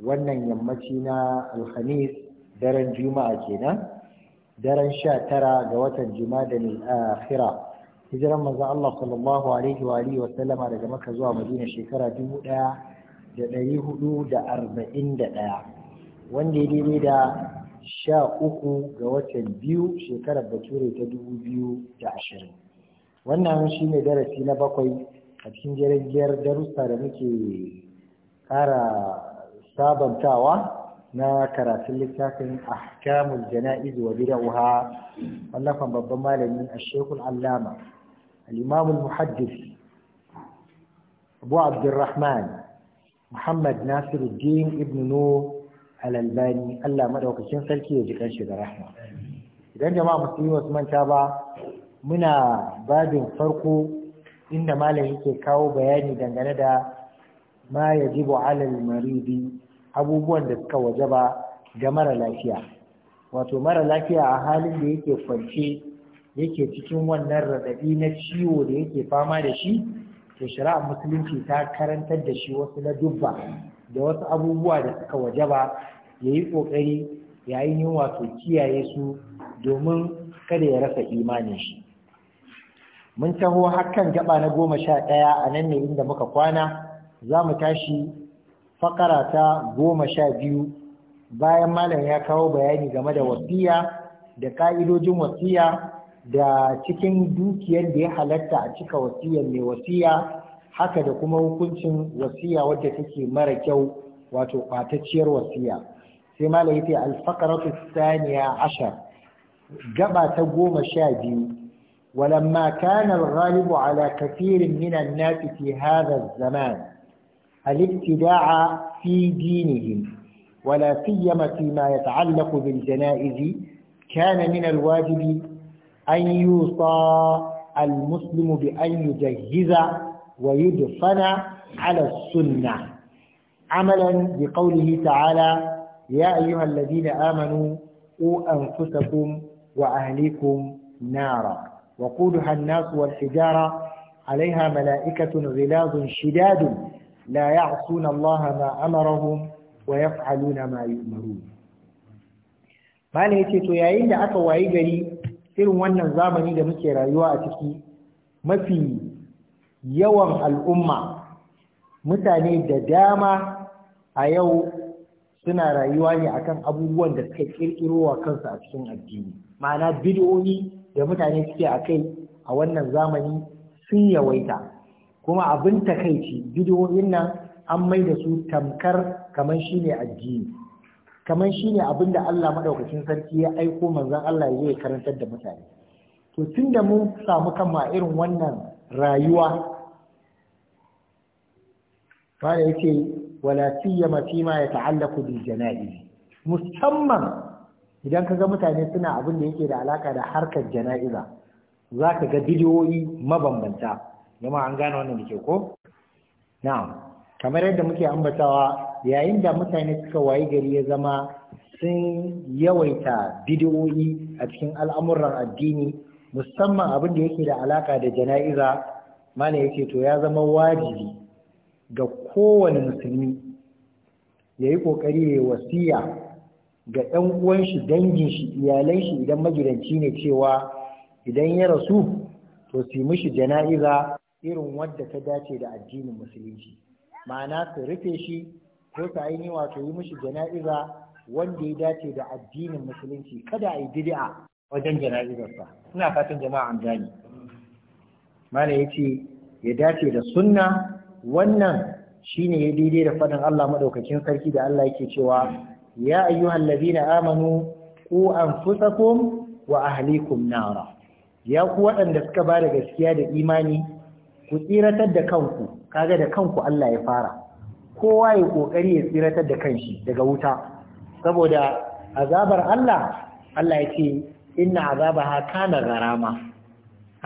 wannan yammaci na alhamis daren juma'a kenan daren sha tara ga watan juma'a da akhira hijiran maza Allah sallallahu alaihi wa alihi wa sallama daga Makka zuwa Madina shekara 1441 wanda ya daidai da sha uku ga watan biyu shekarar bature ta dubu biyu da ashirin wannan shi ne darasi na bakwai a cikin jirgiyar darussa da muke ƙara. sabantawa na karatun littafin ahkamul jana'iz wa bid'uha wallafan babban malami ash-shaykh al-allama al-imam al-muhaddis Abu Abdurrahman Muhammad Nasiruddin ibn Nur al-Albani Allah madaukakin sarki ya ji kanshi da rahma idan jama'a musulmi wasu manta ba muna babin farko inda malami yake kawo bayani dangane da ma yajibu alal maridi abubuwan da suka wajaba ga mara lafiya wato mara lafiya a halin da yake kwance yake cikin wannan raɗaɗi na ciwo da yake fama da shi to shari'ar musulunci ta karantar da shi wasu na dubba da wasu abubuwa da suka wajaba ya yi ƙoƙari yayin yin wato kiyaye su domin kada ya rasa imanin shi mun taho hakan gaba na goma sha ɗaya a nan ne inda muka kwana za mu tashi fakara ta goma sha biyu bayan malam ya kawo bayani game da wasiya da ka'idojin wasiya da cikin dukiyar da ya halatta a cika wasiyar mai wasiya haka da kuma hukuncin wasiya wadda take mara kyau wato kwatacciyar wasiya sai malam yace al-faqratu saniya ashar gaba ta goma sha biyu ولما كان الغالب على كثير من الناس في هذا الزمان الابتداع في دينهم ولا سيما فيما يتعلق بالجنائز كان من الواجب أن يوصى المسلم بأن يجهز ويدفن على السنة عملا بقوله تعالى يا أيها الذين آمنوا قوا أنفسكم وأهليكم نارا وقودها الناس والحجارة عليها ملائكة غلاظ شداد لا يعصون الله ما أمرهم ويفعلون ما يؤمرون ما ne yace to yayin da aka wayi gari irin wannan zamani da muke rayuwa a ciki mafi yawan al'umma mutane da dama a yau suna rayuwa ne akan abubuwan da suka kirkiro wa kansu a cikin addini ma'ana bid'o'i da mutane suke a kai a wannan zamani sun yawaita kuma abin takaici bidiyoyin nan an mai da su tamkar kamar ne addini kamar ne abin da Allah madaukakin sarki ya aiko manzon Allah ya yi karantar da mutane to da mun samu ma irin wannan rayuwa fara yake wala ya fi ya ta'allaku bil jana'iz musamman idan ka ga mutane suna abin da yake da alaka da harkar jana'iza zaka ga bidiyoyi mabambanta jama'a an gane wannan da ke ko na'am kamar yadda muke ambatawa yayin da mutane suka wayi gari ya zama sun yawaita bidiyoyi a cikin al'amuran addini musamman abin da yake da alaka da jana'iza mana yake to ya zama wajibi ga kowane musulmi ya yi ƙoƙari ya wasiya ga ɗan uwan shi dangin shi iyalan shi idan magidanci ne cewa idan ya rasu to su yi mishi jana'iza irin wadda ta dace da addinin musulunci ma'ana su rufe shi ko su ainihin wato yi mishi jana'iza wanda ya dace da addinin musulunci kada a yi bid'a wajen jana'izarsa ina fatan jama'a an gane mana yace ya dace da sunna wannan shine ya daidai da fadin Allah madaukakin sarki da Allah yake cewa ya ayyuhal ladina amanu ku anfusakum wa ahlikum nara ya ku waɗanda suka ba da gaskiya da imani ku tsiratar da kanku kaga da kanku Allah ya fara kowa ya kokari ya tsiratar da kanshi daga wuta saboda azabar Allah Allah yake inna azabaha kana garama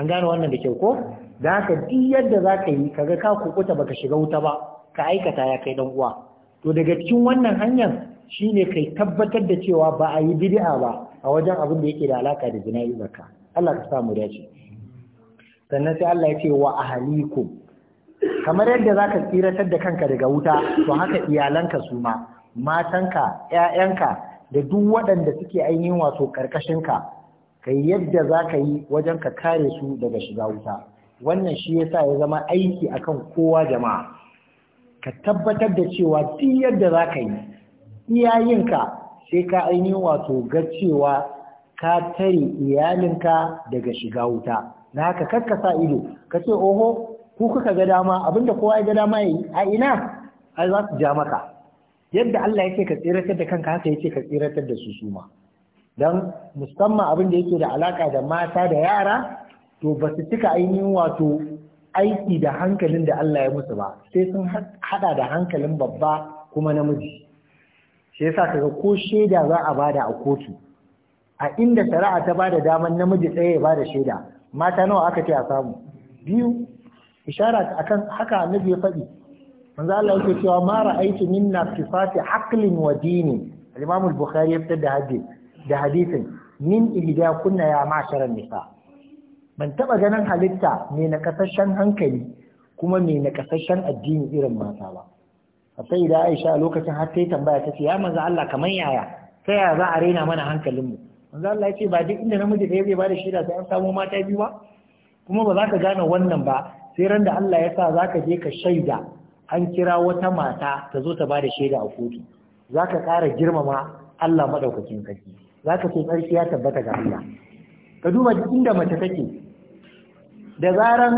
an gane wannan da kyau ko da haka duk yadda za ka yi kaga ka kuta baka shiga wuta ba ka aikata ya kai dan uwa to daga cikin wannan hanyar shine kai tabbatar da cewa ba a yi bid'a ba a wajen abin da yake da alaka da zina zakka Allah ka samu dace sannan sai Allah ya ce wa ahalikum kamar yadda zaka tsiratar da kanka daga wuta to haka iyalanka su ma matanka ƴaƴanka da duk waɗanda suke ainihin wato karkashinka kai yadda zaka yi wajen ka kare su daga shiga wuta wannan shi yasa ya zama aiki akan kowa jama'a ka tabbatar da cewa duk yadda zaka yi iyayenka sai ka ainihin wato ga cewa ka tare iyalinka daga shiga wuta Na haka sa ido ka ce oho ku kuka ga dama abinda kowa ya ga dama yi a ina ai za su ja maka yadda Allah yake ka tsiratar da kanka haka yake ka tsiratar da su suma dan musamman abin da yake da alaka da mata da yara to ba su cika ainihin wato aiki da hankalin da Allah ya musu ba sai sun hada da hankalin babba kuma namiji shi yasa kaga ko shaida za a bada a kotu a inda shari'a ta bada daman namiji tsaye ya bada shaida mata nawa aka ce a samu biyu ishara akan haka annabi ya faɗi manzo Allah yake cewa ma ra'aytu minna sifati aqlin wa dini al-imam al-bukhari ya fitar da hadith da hadithin min ihda kunna ya ma'sharan nisa ban taba ganin halitta mai nakasashen hankali kuma mai nakasashen addini irin mata ba sai da Aisha a lokacin har sai tambaya ce, ya manzo Allah kamar yaya sai ya za a rena mana hankalinmu manzo Allah ya ce ba duk inda namiji da ya ba da shaida sai an samu mata biyu ba kuma ba za ka gane wannan ba sai ran da Allah ya sa za ka je ka shaida an kira wata mata ta zo ta ba da shaida a kotu za ka ƙara girmama Allah maɗaukakin sarki za ka ce tsarki ya tabbata ga Allah ka duba inda mace take da zaran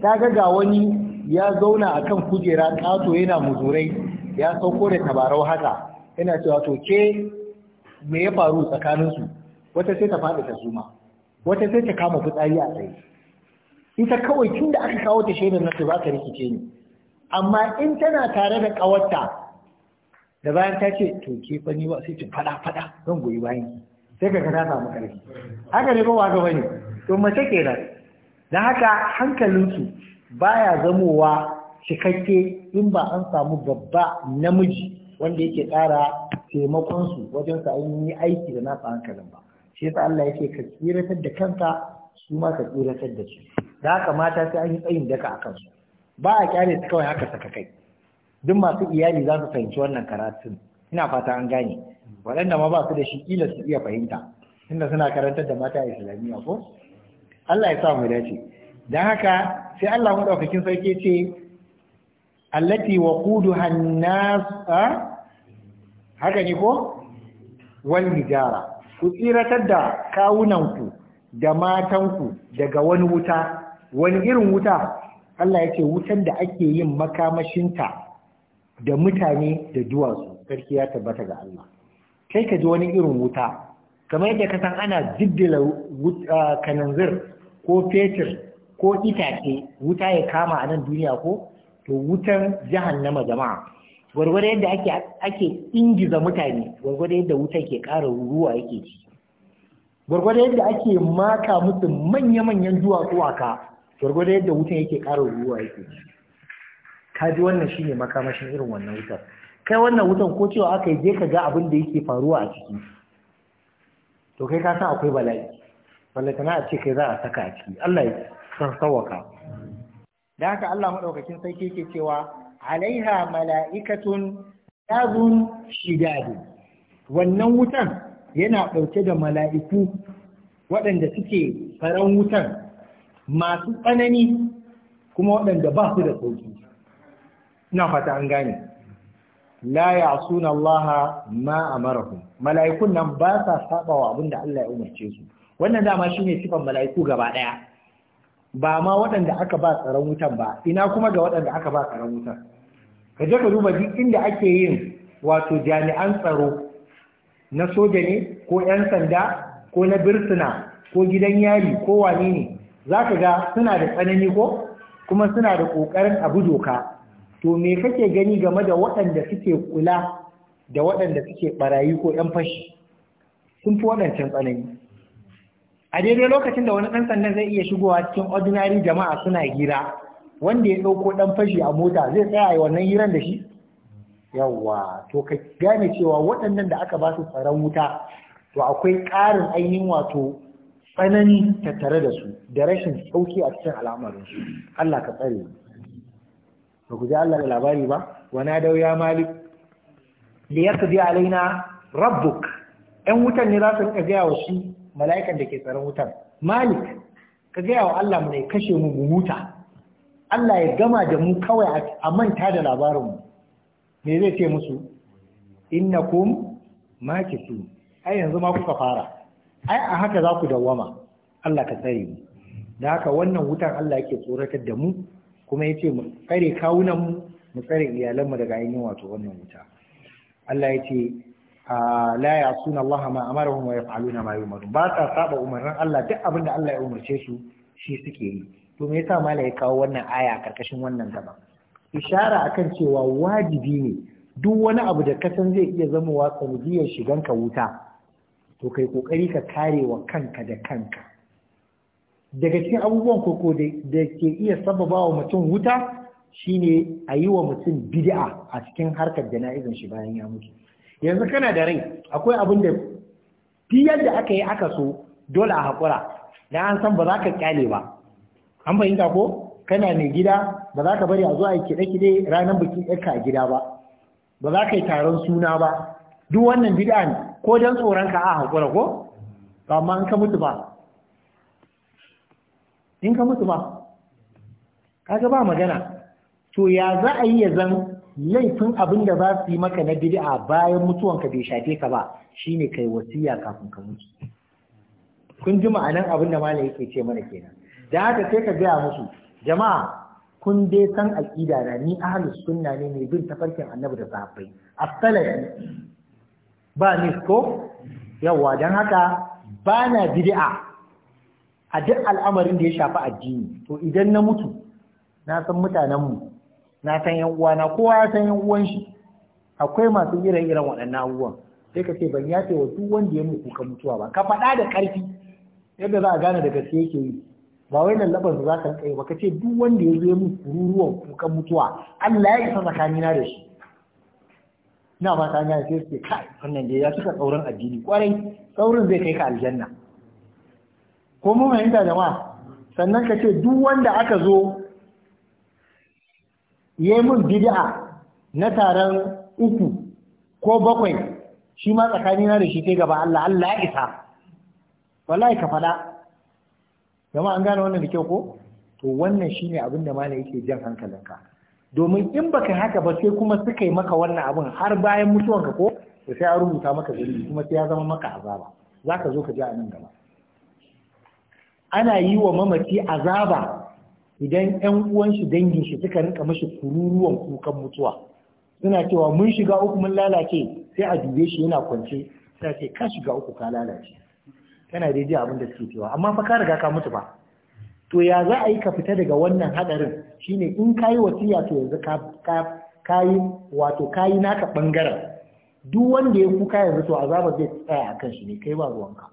ta ga ga wani ya zauna akan kujera ƙato yana muzurai ya sauko da tabarau haka yana cewa to ke me ya faru tsakaninsu wata sai ta faɗi ta suma wata sai ta kama fitsari a tsaye ita kawai tun da aka kawo ta shaidar nasu ba ta rikice ni amma in tana tare da ƙawarta da bayan ta ce to ke fa ba sai ta faɗa faɗa zan goyi bayan ki sai ka ta samu ƙarfi haka ne ba wa gaba ne to mace kenan dan haka hankalinsu baya zamowa cikakke in ba an samu babba namiji wanda yake ƙara su wajen sa yi aiki da nasa hankalin ba shi yasa Allah yake ka tsiratar da kanka su ma ka tsiratar da su da haka mata sai an yi tsayin daka akan su ba a kyale su kawai haka saka kai duk masu iyali za su fahimci wannan karatun ina fata an gane waɗanda ma ba su da shi kila su iya fahimta tunda suna karantar da mata islamiyya ko Allah ya sa mu dace dan haka sai Allah maɗaukakin sarki ce allati wa kudu nas ah? haka ne ko wal hijara ku tsiratar da kawunanku da matanku daga wani wuta wani irin wuta Allah ya ce wutan da ake yin makamashinta da mutane da duwatsu sarki ya tabbata ga Allah kai ka ji wani irin wuta kamar yadda ka san ana jiddila kananzir ko fetur ko itace wuta ya kama a nan duniya ko to wutan jahannama jama'a gwargwado yadda ake ake ingiza mutane gwargwado yadda wuta ke ƙara ruwa yake ci gwargwado yadda ake maka musu manya-manyan duwatsu a ka gwargwado yadda wuta yake ƙara ruwa yake ci ka ji wannan shine makamashin irin wannan wutar kai wannan wutan ko cewa aka je ka ga abin da yake faruwa a ciki to kai ka san akwai bala'i kana a ce kai za a saka a ciki Allah ya san sawaka da haka Allah madaukakin sarki yake cewa alaiha mala'ikatun yazun shidadu wannan wutan yana ɗauke da mala'iku waɗanda suke faran wutan masu tsanani kuma waɗanda ba su da sauki na fata an gane la ya'suna Allah ma amarahum mala'ikun nan ba sa sabawa da Allah ya umarce su wannan dama shine sifan mala'iku gaba ɗaya. ba ma waɗanda aka ba tsaron wutan ba ina kuma ga waɗanda aka ba tsaron wutan ka je ka duba duk inda ake yin wato jami'an tsaro na soja ne ko 'yan sanda ko na birtina ko gidan yari ko wani ne za ka ga suna da tsanani ko kuma suna da ƙoƙarin abu doka to me kake gani game da waɗanda suke kula da waɗanda suke ɓarayi ko 'yan fashi sun fi waɗancan tsanani a daidai lokacin da wani ɗan sandan zai iya shigowa cikin ordinary jama'a suna hira wanda ya ɗauko ɗan fashi a mota zai tsaya a wannan hiran da shi yawwa to ka gane cewa waɗannan da aka ba su tsaron wuta to akwai ƙarin ainihin wato tsanani tattare da su da rashin sauki a cikin al'amarinsu Allah ka tsare ba ku ji Allah da labari ba wana dau ya malik da ya kaji alaina rabbuk 'yan wutan ne za su rika gaya wa shi mala'ikan da ke tsaron wutan malik ka gaya wa Allah mu ne kashe mu mu huta Allah ya gama da mu kawai a manta da labarinmu me zai ce musu innakum makisu ai yanzu ma kuka fara ai a haka za ku dawwama Allah ka tsare mu da haka wannan wutan Allah yake tsoratar da mu kuma yace mu tsare kawunan mu mu tsare iyalan mu daga ainihin wato wannan wuta Allah yace la ya'suna Allah ma amarahum wa yaf'aluna ma yu'marun ba ta saba umarnin Allah duk abin da Allah ya umarce su shi suke yi to me yasa mala ya kawo wannan aya karkashin wannan gaba ishara akan cewa wajibi ne duk wani abu da kasan zai iya zama wa sanadiyar shigan ka wuta to kai kokari ka kare wa kanka da kanka daga cikin abubuwan koko da ke iya sababa wa mutum wuta shine a yi wa mutum bid'a a cikin harkar jana'izin shi bayan ya mutu yanzu kana da rai akwai abin da fi da aka yi aka so dole a haƙura da an san ba za ka kyale ba an fahimta ko kana mai gida ba za ka bari a zo a yi kiɗe-kiɗe ranar bikin ɗaka a gida ba ba za ka yi taron suna ba duk wannan bid'a ne ko don tsoron ka a haƙura ko Ba amma in ka mutu ba in ka mutu ba kaga ba magana to ya za a yi ya zan laifin abin da za su yi maka na bid'a bayan mutuwanka bai shafe ka ba shine kai wasiya kafin ka mutu kun ji ma'anan abin da malai yake ce mana kenan da haka sai ka gaya musu jama'a kun dai san aƙida na ni ahlus sunna ne mai bin tafarkin annabi da sahabbai as ba ni ko yawa dan haka ba na bid'a a duk al'amarin da ya shafi addini to idan na mutu na san mutanen mu na san yan uwana kowa ya san yan uwan shi akwai masu irin irin waɗannan abubuwan sai ka ce ban yace wa duk wanda ya mutu ka mutuwa ba ka faɗa da ƙarfi yadda za a gane da gaske yake yi ba wai lallaban za ka kai ba ka ce duk wanda ya zo mun kururuwan kukan mutuwa Allah ya isa tsakanina da shi na ba ta gane sai su kai wannan da ya suka tsaurin addini kwarai tsaurin zai kai ka aljanna ko mu fahimta jama'a sannan ka ce duk wanda aka zo ya mun bid'a na taron uku ko bakwai shi ma tsakanina da shi kai gaba Allah Allah ya isa wallahi ka faɗa jama'a an gane wannan da kyau ko to wannan shine abin da malam yake jan hankalinka domin in baka haka ba sai kuma suka yi maka wannan abin har bayan mutuwanka ko to sai an rubuta maka zunubi kuma sai ya zama maka azaba Za ka zo ka ji a nan gaba ana yi wa mamaci azaba idan ƴan uwan shi dangin shi suka rinka mashi kururuwan kukan mutuwa suna cewa mun shiga uku mun lalace sai a dube shi yana kwance sai ce ka shiga uku ka lalace kana daidai abin da suke cewa amma fa ka riga ka mutu ba to ya za a yi ka fita daga wannan hadarin shine in ka yi wasiya to yanzu ka wato ka yi naka bangaren duk wanda ya kuka yanzu to azaba zai tsaya a kan shi ne kai ba ruwanka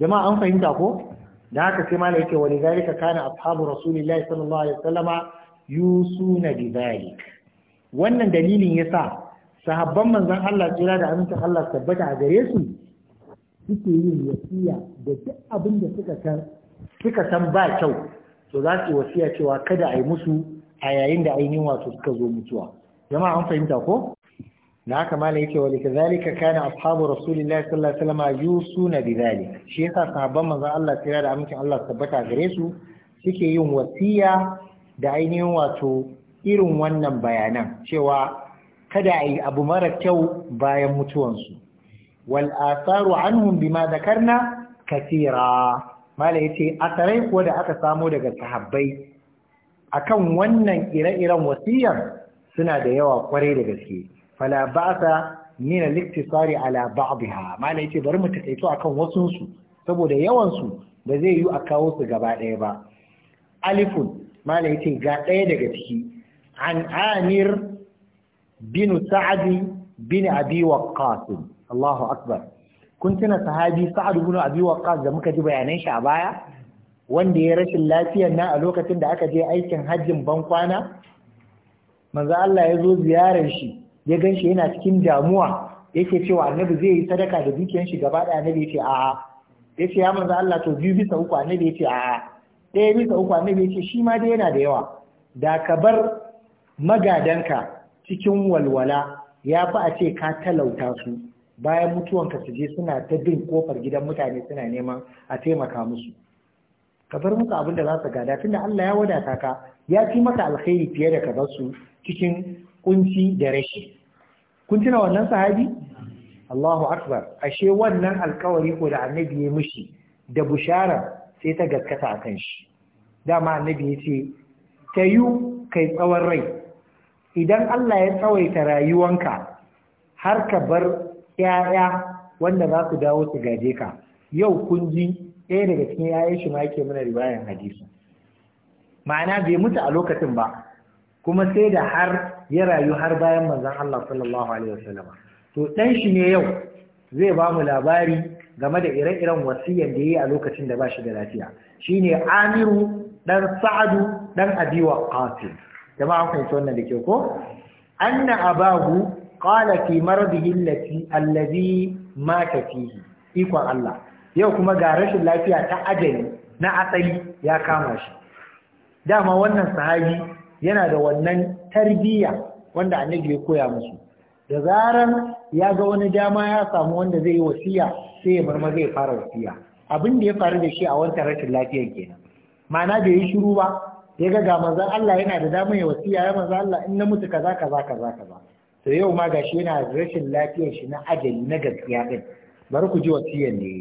jama'a an fahimta ko da haka sai malai yake wani zalika kana ashabu rasulillahi sallallahu alaihi wasallama yusuna bi zalik wannan dalilin yasa sahabban manzon Allah jira da aminta Allah tabbata a gare su suke yin wasiya da duk abin da suka san ba kyau to za su wasiya cewa kada a yi musu a yayin da ainihin wato suka zo mutuwa jama'a an fahimta ko na haka malai yake wa likazalika kana ashabu rasulillahi sallallahu alaihi wasallam yusuna bidhalik shi yasa sahabban manzon Allah tsira da amincin Allah tabbata gare su suke yin wasiya da ainihin wato irin wannan bayanan cewa kada a yi abu mara kyau bayan mutuwansu wal asaru anhum bima dhakarna katira mala yace asarai kuwa da aka samo daga sahabbai akan wannan ire-iren wasiyar suna da yawa kwarai da gaske fala ba'sa min al-iktisari ala ba'dha mala yace bari mu taƙaito akan wasun su saboda yawan su ba zai yiwu a kawo su gaba ɗaya ba alifun mala yace ga ɗaya daga ciki an binu sa'adi bin abi waqqas Allahu akbar kun tuna sahabi Sa'ad ibn Abi Waqqas da muka ji bayanan shi a baya wanda ya rashin lafiyar na a lokacin da aka je aikin hajjin bankwana manzo Allah ya zo ziyarar shi ya ganshi yana cikin damuwa yake cewa annabi zai yi sadaka da dukiyar shi gaba ɗaya annabi yace a'a yace ya manzo Allah to biyu bisa uku annabi yace a'a ɗaya bisa uku annabi yace shi ma dai yana da yawa da ka bar magadanka cikin walwala ya fi a ce ka talauta su bayan ka su je suna ta bin kofar gidan mutane suna neman a taimaka musu ka bar musu abin da za su gada tunda Allah ya wadata ka ya fi maka alkhairi fiye da ka bar su cikin kunci da rashi kun tuna wannan sahabi Allahu akbar ashe wannan alkawari ko da annabi ya mishi da bushara sai ta gaskata akan shi dama annabi ya ce ta kai tsawon rai idan Allah ya tsawaita rayuwanka har ka bar ƴaƴa wanda za su dawo su gaje ka yau kun ji ɗaya daga cikin ƴaƴan shi ma yake mana riwayan hadisi ma'ana bai mutu a lokacin ba kuma sai da har ya rayu har bayan manzon Allah sallallahu alaihi wasallam to dan shi ne yau zai ba mu labari game da ire-iren wasiyan da yi a lokacin da ba shi da lafiya shine Amiru dan Sa'adu dan Abi Waqqas jama'a kun san wannan da ke ko anna abahu qala fi maradihi allati allazi mata fihi ikon Allah yau kuma ga rashin lafiya ta ajali na asali ya kama shi dama wannan sahabi yana da wannan tarbiyya wanda annabi ya koya musu da zaran ya ga wani dama ya samu wanda zai yi wasiya sai ya marma zai fara wasiya abin da ya faru da shi a wancan rashin lafiyar kenan ma'ana bai yi shiru ba ya ga ga manzon Allah yana da damar ya wasiya ya manzon Allah in na mutu kaza kaza kaza kaza to yau ma shi yana rashin lafiyar shi na ajali na gaskiya din bari ku ji wasiyar ne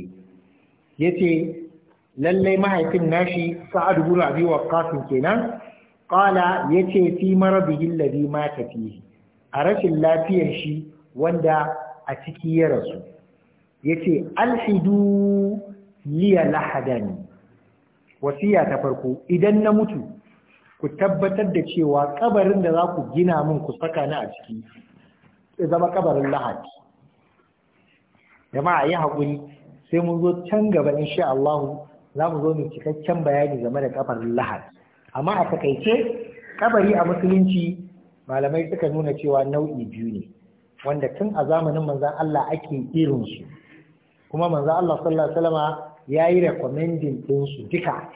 yace lalle mahaifin nashi Sa'ad ibn Abi Waqqas kenan qala yace fi maradihi alladhi mata fihi a rashin lafiyar shi wanda a ciki ya rasu yace alhidu liya lahadani wasiya ta farko idan na mutu ku tabbatar da cewa kabarin da za ku gina min ku saka ni a ciki ya zama kabarin lahadi jama'a yi haƙuri sai mun zo can gaba insha Allah za mu zo mu cikakken bayani game da kabarin lahadi amma a takaice kabari a musulunci malamai suka nuna cewa nau'i biyu ne wanda tun a zamanin manzon Allah ake irin su kuma manzon Allah sallallahu alaihi wasallama yi recommending din su duka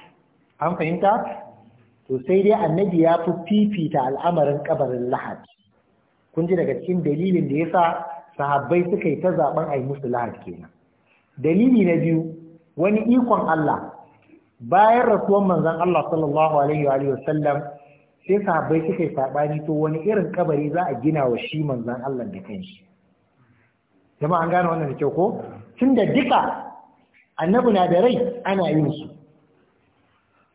an fahimta to sai dai annabi ya fi fifita al'amarin kabarin lahadi kun ji daga cikin dalilin da yasa sahabbai suka yi ta zaben a yi musu lahadi kenan dalili na biyu wani ikon Allah bayan rasuwan manzon Allah sallallahu alaihi wa alihi wasallam sai sahabbai suka yi sabani to wani irin kabari za a gina wa shi manzon Allah da kanshi jama'a an gane wannan da kyau ko tunda duka annabi na da rai ana yin su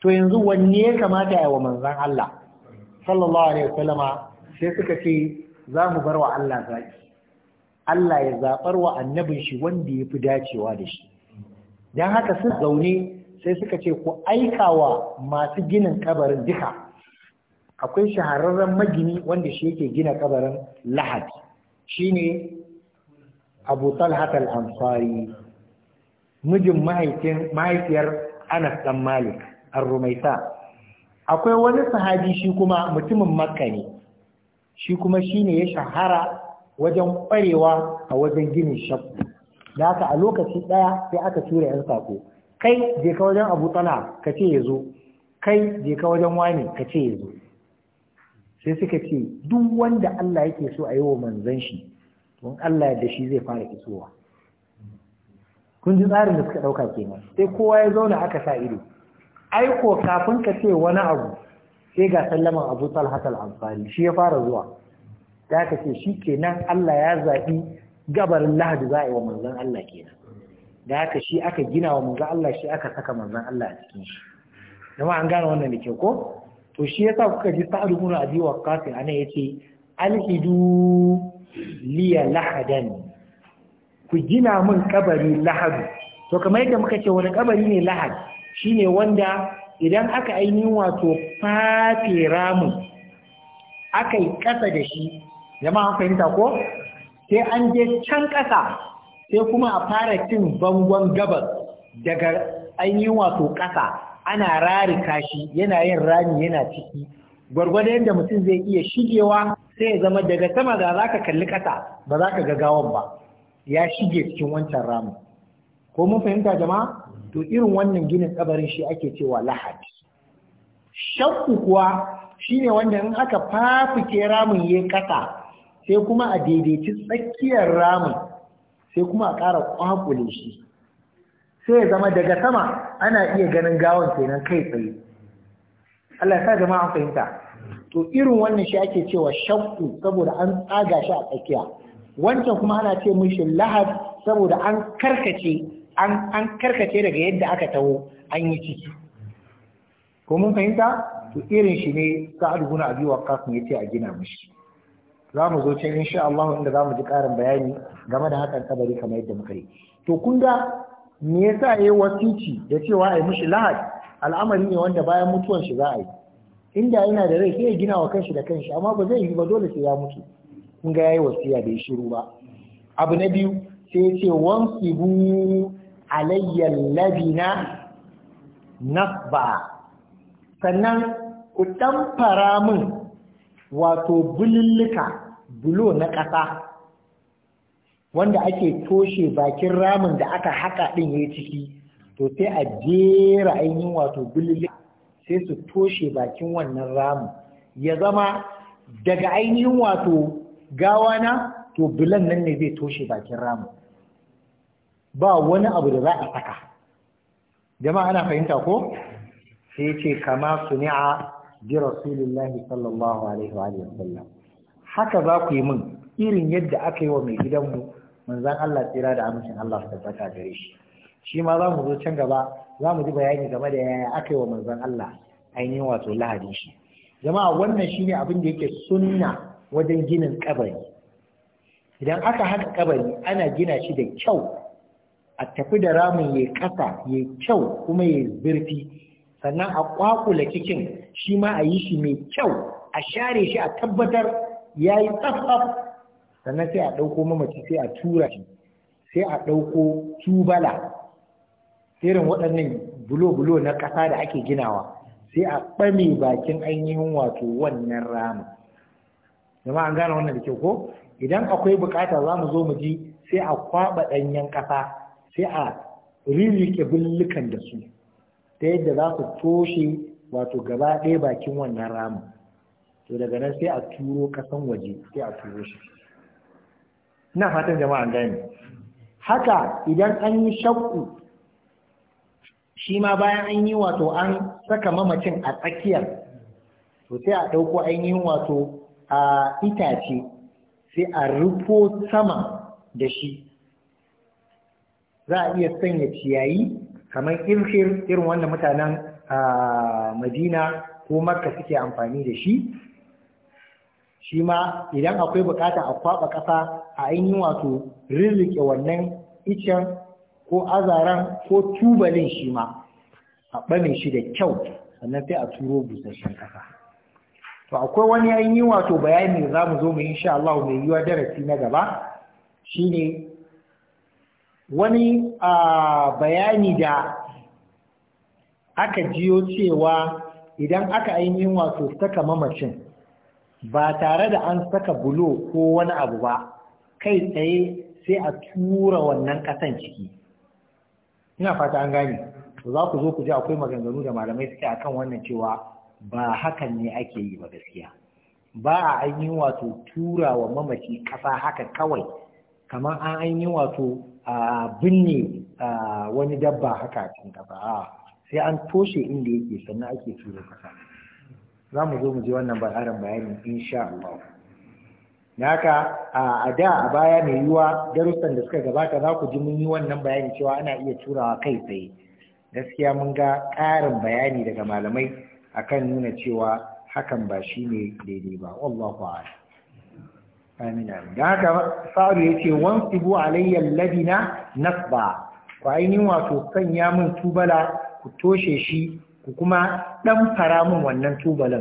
to yanzu wanne ya kamata ya wa manzan Allah sallallahu alaihi wasallama sai suka ce za mu bar wa Allah zaki Allah ya zabar wa annabin shi wanda ya fi dacewa da shi dan haka sun zaune sai suka ce ku wa masu ginin kabarin duka akwai shahararren magini wanda shi yake gina kabarin Lahad shine Abu Talha al-Ansari mijin mahaifiyar Anas dan Malik ar-rumaisa akwai wani sahabi shi kuma mutumin makka ne shi kuma shine ya shahara wajen kwarewa a wajen ginin shakku da aka a lokaci ɗaya sai aka tura yan sako kai je ka wajen abu tsana ka ce ya zo kai je ka wajen wani ka ce ya zo sai suka ce duk wanda Allah yake so a yi wa manzan shi don Allah da shi zai fara isowa kun ji tsarin da suka ɗauka kenan sai kowa ya zauna aka sa ido aiko kafin ka ce wani abu sai ga sallaman abu talhatal amfani shi ya fara zuwa da ka ce shi kenan Allah ya zaɓi gabarin lahadi za a yi wa manzan Allah kenan da haka shi aka gina wa manzan Allah shi aka saka manzan Allah a cikin shi dama an gane wannan da ke ko to shi sa kuka ji sa'ad a abi waqqas ana yace alhidu liya lahadan ku gina min kabari lahadu to kamar yadda muka ce wani kabari ne lahadi? Shi ne wanda idan aka ainihin wato fafe ramu aka yi ƙasa da shi an fahimta ko sai an je can ƙasa sai kuma a fara cin bangon gabas daga ainihin wato ƙasa ana rari kashi, yana yin rami yana ciki gwargwado yadda mutum zai iya shigewa sai ya zama daga sama da za ka kalli ƙasa ba za ka ga gawan ba ya shige cikin wancan ramin ko mun fahimta jama'a to irin wannan ginin kabarin shi ake cewa lahad shakku kuwa shine wanda in aka fafike ramin ya kasa sai kuma a daidaici tsakiyar ramin sai kuma a ƙara kwakule shi sai ya zama daga sama ana iya ganin gawon kenan kai tsaye Allah ya sa jama'a fahimta to irin wannan shi ake cewa shakku saboda an tsaga shi a tsakiya wancan kuma ana ce mishi lahad saboda an karkace an karkace daga yadda aka taho an yi ciki ko mun fahimta to irin shi ne a ibn abi kafin ya yace a gina mashi. za mu zo can insha Allah inda za mu ji ƙarin bayani game da hakan kabari kamar yadda muka yi to kun ga me yasa yayi wasici da cewa ai mishi Lahadi? al'amari ne wanda bayan mutuwan shi za a yi inda yana da rai sai ya gina wa kanshi da kanshi amma ba zai yi ba dole sai ya mutu kun ga yayi wasiya da bai shiru ba abu na biyu sai ya ce wansibu alayyar labina nasba sannan ku ɗamfara min wato bululluka bulo na ƙasa wanda ake toshe bakin ramin da aka haka ɗin ya ciki to sai a jera ainihin wato bululluka sai su toshe bakin wannan ramin ya zama daga ainihin wato gawana to bulan nan ne zai toshe bakin ramin ba wani abu da za a saka jama'a ana fahimta ko sai ce kama suni'a bi sallallahu alaihi wa sallam haka za ku yi min irin yadda aka yi wa mai gidanmu manzan Allah tsira da amincin Allah su tabbata gare shi shi ma za mu zo can gaba za mu ji bayani game da yaya aka yi wa manzan Allah ainihin wato lahadin shi jama'a wannan shine abin da yake sunna wajen ginin kabari idan aka haka kabari ana gina shi da kyau a tafi da ramin ya ƙasa, ya kyau kuma ya zurfi sannan a kwakula cikin shi ma a yi shi mai kyau a share shi a tabbatar ya yi tsaf sannan sai a ɗauko mamaci sai a tura shi sai a ɗauko tubala irin waɗannan bulo-bulo na ƙasa da ake ginawa sai a ɓame bakin ainihin wato wannan rama zama an gane wannan da kyau ko idan akwai bukata za mu zo mu ji sai a kwaɓa ɗanyen ƙasa sai a ririke bullukan da su ta yadda za su toshe wato gaba ɗaya bakin wannan ramin to daga nan sai a turo kasan waje sai a turo shi ina fatan jama'a gani haka idan an yi shakku shi ma bayan an yi wato an saka mamacin a tsakiyar to sai a ɗauko yi wato a itace sai a rufo sama da shi za a iya sanya ciyayi kamar irshir irin wanda mutanen madina ko makka suke amfani da shi shi ma idan akwai bukata a kwaba ƙasa a ainihin wato rirrike wannan icen ko azaran ko tubalin shi ma a ɓane shi da kyau sannan sai a turo busasshen ƙasa to akwai wani ainihin wato bayani za mu zo mu insha Allah mai yiwa darasi na gaba shine wani bayani da aka jiyo cewa idan aka ainihin wato saka mamacin ba tare da an saka bulo ko wani abu ba kai tsaye sai a tura wannan kasan ciki ina fata an gane to za ku zo ku ji akwai maganganu da malamai suke akan wannan cewa ba hakan ne ake yi ba gaskiya ba a ainihin wato tura wa mamaci ƙasa haka kawai kamar an ainihin wato a binne wani dabba haka a cikin sai an toshe inda yake sannan ake turo kasa za mu zo mu je wannan bayanin bayanin insha Allah naka a da a baya mai yiwa darussan da suka gabata za ku ji mun yi wannan bayani cewa ana iya turawa kai tsaye gaskiya mun ga ƙarin bayani daga malamai akan nuna cewa hakan ba shine daidai ba wallahu a'lam da haka sa'adu ya ce wansibu Ladi ladina nasba ku ainihin wato sanya min tubala ku toshe shi ku kuma ɗanfara fara min wannan tubalan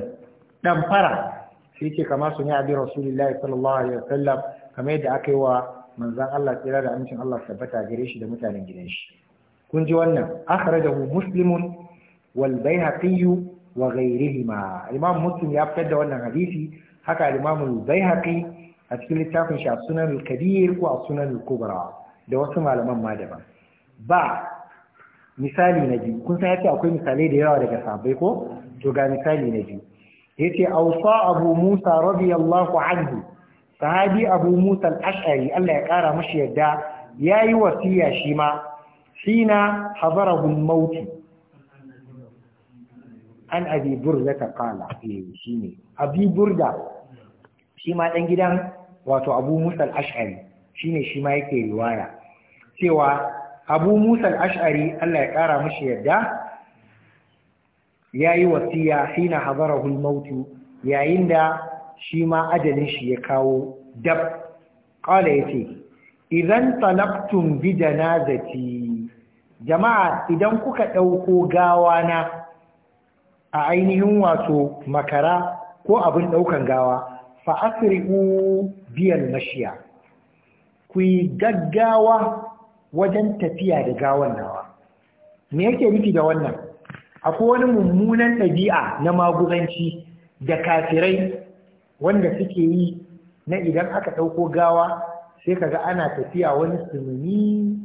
ɗanfara fara sai ce kama su ne abi rasulullahi sallallahu alaihi wasallam kamar yadda aka yi wa manzon Allah tsira da amincin Allah tabbata gare shi da mutanen gidan shi kun ji wannan akhrajahu muslimun wal baihaqi wa ghayrihima imam muslim ya fitar da wannan hadisi haka al-imam al-baihaqi a cikin littafin shi a sunan al-kabir ko a sunan kubra da wasu malaman ma daban ba misali na biyu kun san yace akwai misalai da yawa daga sahabbai ko to ga misali na biyu yace awsa abu musa radiyallahu anhu sahabi abu musa al-ash'ari Allah ya kara mashi yadda yayi wasiya shi ma sina hadarahu al-maut an abi burda qala eh shine abi burda shi ma ɗan gidan wato abu musa al-ash'ari shine shi ma yake riwaya cewa abu musa ashari Allah ya ƙara mashi yadda yayi wasiya hina hadarahu al-maut yayin da shi ma ajalin shi ya kawo dab qala yace idan talaqtum bi janazati jama'a idan kuka dauko na a ainihin wato makara ko abin ɗaukan gawa fa'asri'u biyan mashiya ku yi gaggawa wajen tafiya da gawan nawa me yake nufi da wannan akwai wani mummunan ɗabi'a na magudanci da kafirai wanda suke yi na idan aka ɗauko gawa sai kaga ana tafiya wani sumuni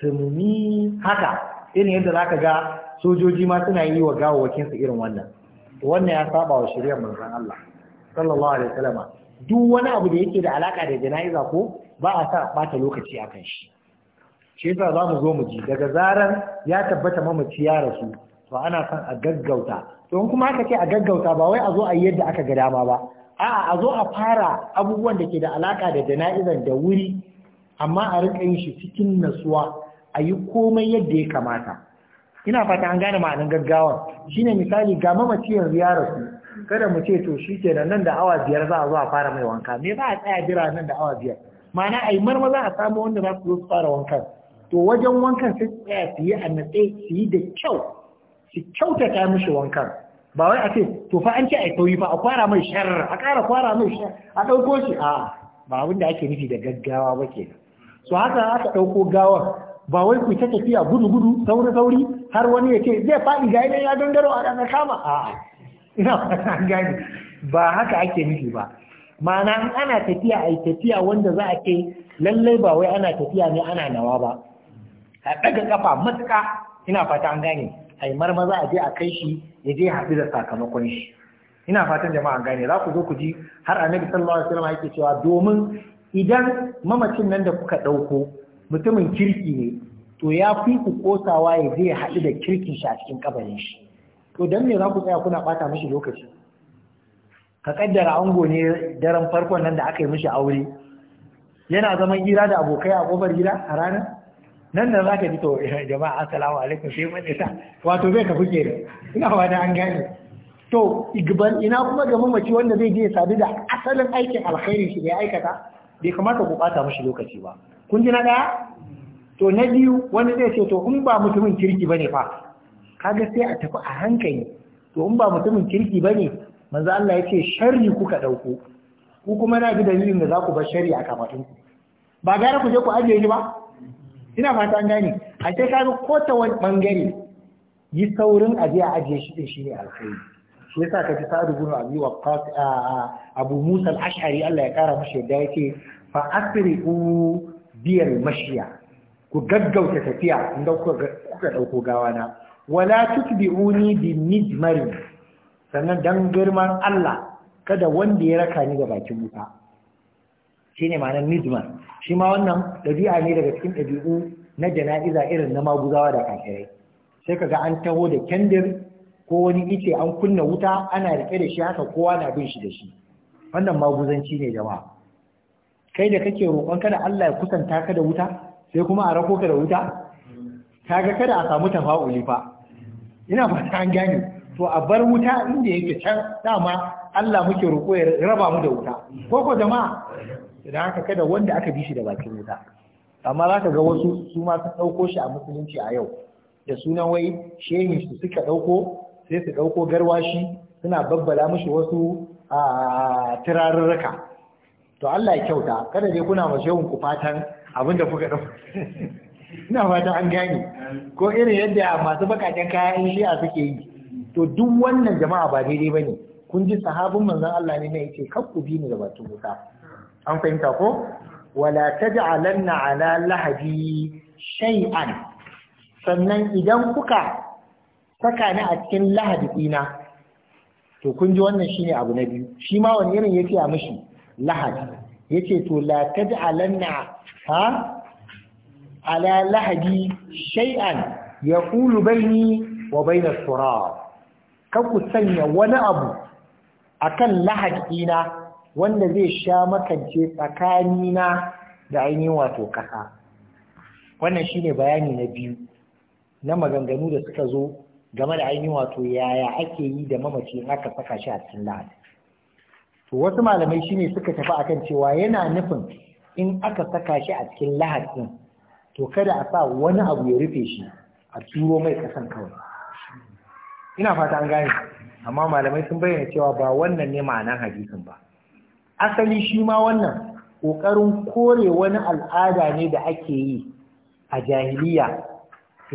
sumuni haka irin yadda za ka ga sojoji ma suna yi wa gawawakinsu irin wannan wannan ya saba wa shirya manzon Allah sallallahu alaihi wasallam duk wani abu da yake da alaka da jana'iza ko ba a sa bata lokaci akan shi shi yasa za mu zo mu ji daga zaran ya tabbata mamaci ya rasu to ana son a gaggauta to in kuma aka ce a gaggauta ba wai a zo a yi yadda aka ga dama ba a'a a zo a fara abubuwan da ke da alaka da jana'izan da wuri amma a rinka yin shi cikin natsuwa a yi komai yadda ya kamata ina fata an gane ma'anin gaggawa shine misali ga mamaci yanzu ya rasu kada mu ce to shi kenan nan da awa biyar za a zo a fara mai wanka me za a tsaya jira nan da awa biyar ma'ana a yi marmaza a samu wanda za su zo su fara wankan to wajen wankan sai tsaya su yi a natse su yi da kyau su kyautata mishi wankan ba wai a ce to fa an ce a sauyi fa a kwara mai sharar a ƙara kwara mai sharar a ɗauko shi a ba abin da ake nufi da gaggawa ba ke so haka aka ɗauko gawar ba wai ku ta tafiya gudu gudu sauri sauri har wani ya ce zai faɗi ga ya dangaro a ɗan kama a'a ina an gani ba haka ake nufi ba ma'ana ana tafiya ai tafiya wanda za a ke lallai ba wai ana tafiya ne ana nawa ba a daga kafa matuka ina fata an gane ai marmaza a je a kai shi ya je haɗu da sakamakon shi ina fatan jama'a an gane za ku zo ku ji har annabi sallallahu alaihi wasallam yake cewa domin idan mamacin nan da kuka ɗauko mutumin kirki ne to ya fi ku kosawa ya je ya haɗu da kirkin shi a cikin kabarin shi to don me za ku tsaya kuna bata mashi lokaci ka kaddara ango ne daren farkon nan da aka yi mishi aure yana zaman gira da abokai a ƙofar gida a ranar nan da za ka ji to eh, jama'a assalamu alaikum sai mun isa wato bai ka fuke da ina wani an gane to igban ina kuma ga mamaci wanda zai je sadu da asalin aikin alkhairi shi da ya aikata bai kamata ku bata mashi lokaci ba kun ji na daya to na biyu wani zai ce to in ba mutumin kirki bane fa kaga sai a tafi a hankali to in ba mutumin kirki bane manzo Allah yace sharri kuka dauko ku kuma na ji dalilin da za ku bar sharri a kafatun ku ba gare ku je ku ajiye shi ba ina fata an gane a sai ka ko ta wani bangare yi saurin aje a ajiye shi din shine alkhairi shi yasa ka ji sa'adu bin abi waqqas abu musa al-ash'ari Allah ya kara mashi yadda yake fa asri'u biyal mashiya ku gaggauta tafiya inda kuka kuka dauko gawa na wala tutbi'uni bi nijmari sannan dan girman Allah kada wanda ya raka ni ga bakin wuta shine ma'anar nijmar shi ma wannan dabi'a ne daga cikin dabi'u na jana'iza irin na maguzawa da kafirai sai kaga an taho da kendir ko wani ice an kunna wuta ana rike da shi haka kowa na bin shi da shi wannan maguzanci ne jama'a kai da kake roƙon kada Allah ya kusanta ka da wuta sai kuma a rako ka da wuta kaga kada a samu tafa'uli fa ina fata an gane to a bar wuta inda yake can dama Allah muke roƙo ya raba mu da wuta ko ko jama'a idan haka kada wanda aka bi shi da bakin wuta amma za ka ga wasu su ma sun ɗauko shi a musulunci a yau da sunan wai shehin su suka ɗauko sai su ɗauko garwashi suna babbala mishi wasu a turarurruka to Allah ya kyauta kada dai kuna ma shehun ku fatan abin kuka ɗauko ina fata an gane ko irin yadda masu bakaken kayan shi'a suke yi to duk wannan jama'a ba daidai ba ne kun ji sahabin manzon Allah ne na yake kar ku bi ni da batun wuta an fahimta ko wala taj'alanna ala lahadi shay'an sannan idan kuka saka ni a cikin lahadi dina to kun ji wannan shine abu na biyu shi ma wani irin yake a mishi lahadi yace to la taj'alanna ha ala lahadi shay'an yaqulu baini wa baina turab kan sanya wani abu akan lahadina wanda zai sha makance tsakanina da ainihin wato kasa wannan shine bayani na biyu na maganganu da suka zo game da ainihin wato yaya ake yi da mamaci in aka saka shi a cikin lahadi wasu malamai shine suka tafi akan cewa yana nufin in aka saka shi a cikin lahadin to kada a sa wani abu ya rufe shi a turo mai kasan kawai ina fata an gane amma malamai sun bayyana cewa ba wannan ne ma'anan hadisin ba asali shi ma wannan ƙoƙarin kore wani al'ada ne da ake yi a jahiliya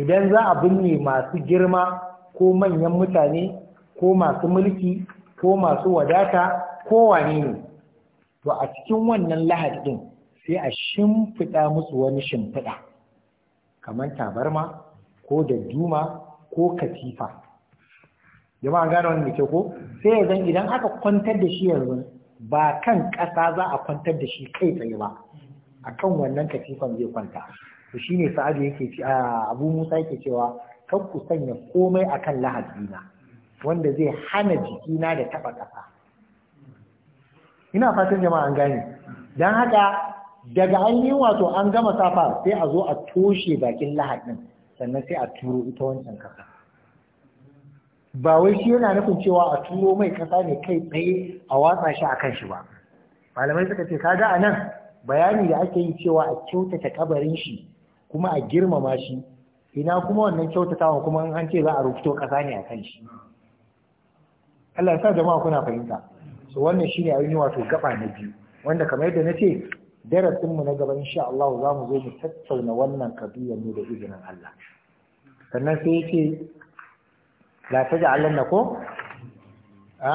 idan za a binne masu girma ko manyan mutane ko masu mulki ko masu wadata ko wane ne to a cikin wannan lahadin sai a shimfiɗa musu wani shimfiɗa kamar tabarma ko da duma ko katifa jama'a gane wani ke ko sai ya idan aka kwantar da shi yanzu ba kan ƙasa za a kwantar da shi kai tsaye ba a kan wannan katifan zai kwanta shi ne sa'adu yake ci abu musa yake cewa kan ku sanya komai a akan lahadina wanda zai hana jikina da taɓa ƙasa ina fatan jama'a gane don haka daga ainihin wato an gama safa sai a zo a toshe bakin lahadin sannan sai a turo ita wancan kasa ba wai shi yana nufin cewa a turo mai kasa ne kai tsaye a watsa shi akan shi ba malamai suka ce kaga a nan bayani da ake yi cewa a kyautata kabarin shi kuma a girmama shi ina kuma wannan kyautatawa kuma an ce za a rubuto kasa ne akan shi Allah ya sa jama'a kuna fahimta so wannan shine ainihin wato gaba na biyu wanda kamar yadda na ce darasin mu na gaba insha Allah za mu zo mu tattauna wannan kabiyar ne da izinin Allah sannan sai yake la taj'alanna ko a